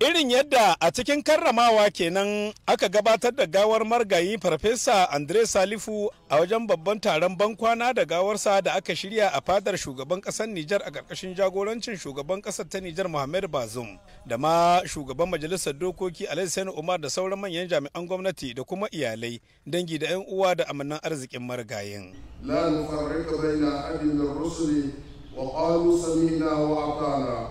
irin yadda a cikin karramawa kenan aka gabatar da gawar margayi farfesa andre salifu a wajen babban taron bankwana da gawarsa da aka shirya a fadar shugaban kasar nijar a karkashin jagorancin shugaban kasar ta nijar muhammadu bazum da ma shugaban majalisar dokoki alhassan umar da sauran manyan jami'an gwamnati da kuma iyalai dangi da 'yan uwa da amanan arzikin margayin wa wa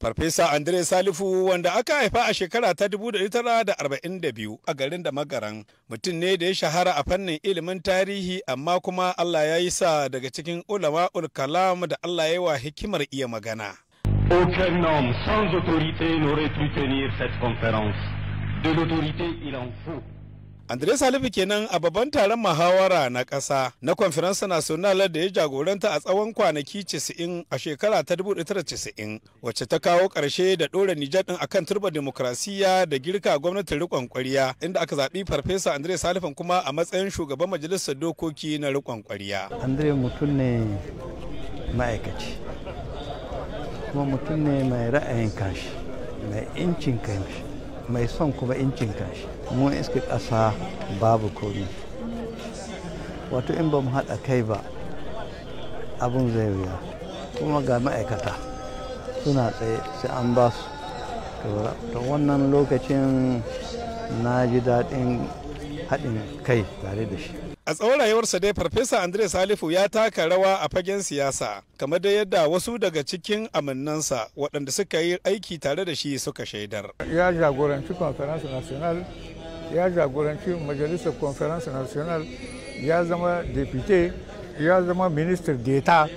Farfesa Andre Salifu wanda aka haifa a shekara ta 1942 a garin da magaran mutum ne da ya shahara a fannin ilimin tarihi amma kuma Allah ya yi sa daga cikin ulama ulkalam da Allah ya wa hikimar iya magana. De l'autorité Andre Salifu kenan a babban taron muhawara na ƙasa na Conference National da ya jagoranta a tsawon kwanaki 90 a shekara ta 1990 wacce ta kawo ƙarshe da ɗora Nijar ɗin akan turba demokrasiya da girka gwamnatin riƙon ƙwariya inda aka zaɓi Farfesa Andre Salifin kuma a matsayin shugaban majalisar dokoki na riƙon ƙwariya. Andre mutum ne ma'aikaci kuma mutum ne mai ra'ayin kanshi mai incin kanshi mai son kuma incin kashi mun iska ƙasa babu komi wato in ba mu haɗa kai ba abun zai wuya kuma ga ma'aikata suna tsaye sai an ba su ta wannan lokacin na ji daɗin haɗin kai tare da shi a tsawon rayuwarsa dai farfesa andre salifu ya taka rawa a fagen siyasa kamar da yadda wasu daga cikin aminnansa waɗanda suka yi aiki tare da shi suka shaidar ya jagoranci conference national ya jagoranci majalisar conference national ya zama depute ya zama minister data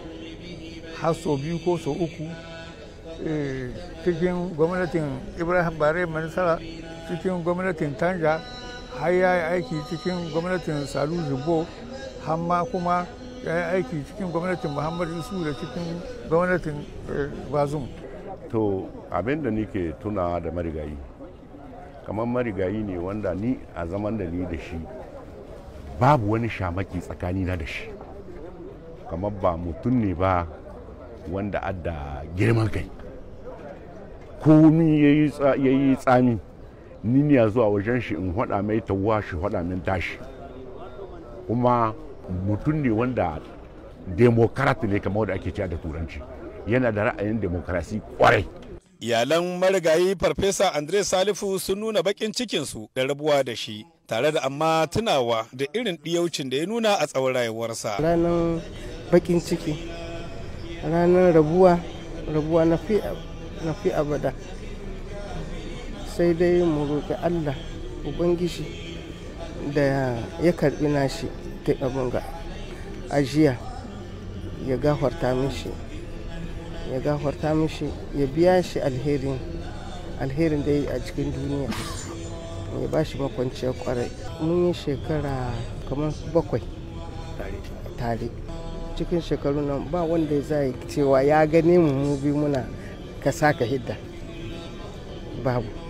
har sau biyu ko sau uku eh, cikin gwamnatin ibrahim bare manisara cikin gwamnatin tanja har ya yi aiki cikin gwamnatin salu zubo hamma kuma ya yi aiki cikin gwamnatin muhammad isu da cikin gwamnatin eh, bazum to abin da nike tunawa da marigayi kamar marigayi ne wanda ni a zaman da ni da shi babu wani shamaki tsakanina da shi kamar ba mutum ne ba wanda adda girman kai komi ya yi tsami niniya zuwa wajen shi in hada mai tawa shi hada min tashi kuma mutum ne wanda demokrat ne kamar da ake cewa da turanci yana da ra'ayin demokrasi kwarai iyalan marigayi farfesa andre salifu sun nuna bakin cikinsu da rabuwa da shi tare da amma tunawa da irin ɗiyaucin da ya nuna a tsawon rayuwarsa ranar bakin ciki ranar rabuwa na fi abada sai dai mu roƙi allah ubangiji da ya karbi nashi ta abin ga ajiya ya gafarta mishi ya gafarta mishi ya biya shi alherin alherin da ya a cikin duniya ya ba shi makwanciyar kwarai mun yi shekara kamar bakwai tare cikin shekaru nan ba wanda ya zai cewa ya gane mu mu bi muna ka saka hidda babu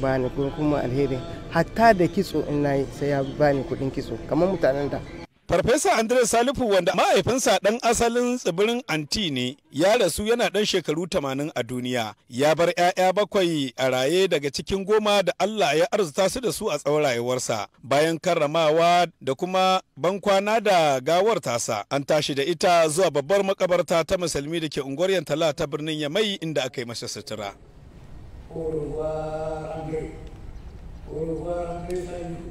bani kuma kuma alheri hatta da kitso in nayi sai ya bani kuɗin kitso kamar mutanen da Farfesa Andres Salifu wanda mahaifinsa ɗan asalin tsibirin Anti ne ya rasu yana ɗan shekaru tamanin a duniya ya bar 'ya'ya bakwai a raye daga cikin goma da Allah ya arzuta su da su a tsawon rayuwarsa bayan karramawa da kuma bankwana da gawar tasa an tashi da ita zuwa babbar makabarta ta musulmi da ke unguwar Yantala ta birnin Yamai inda aka yi masa sutura. movement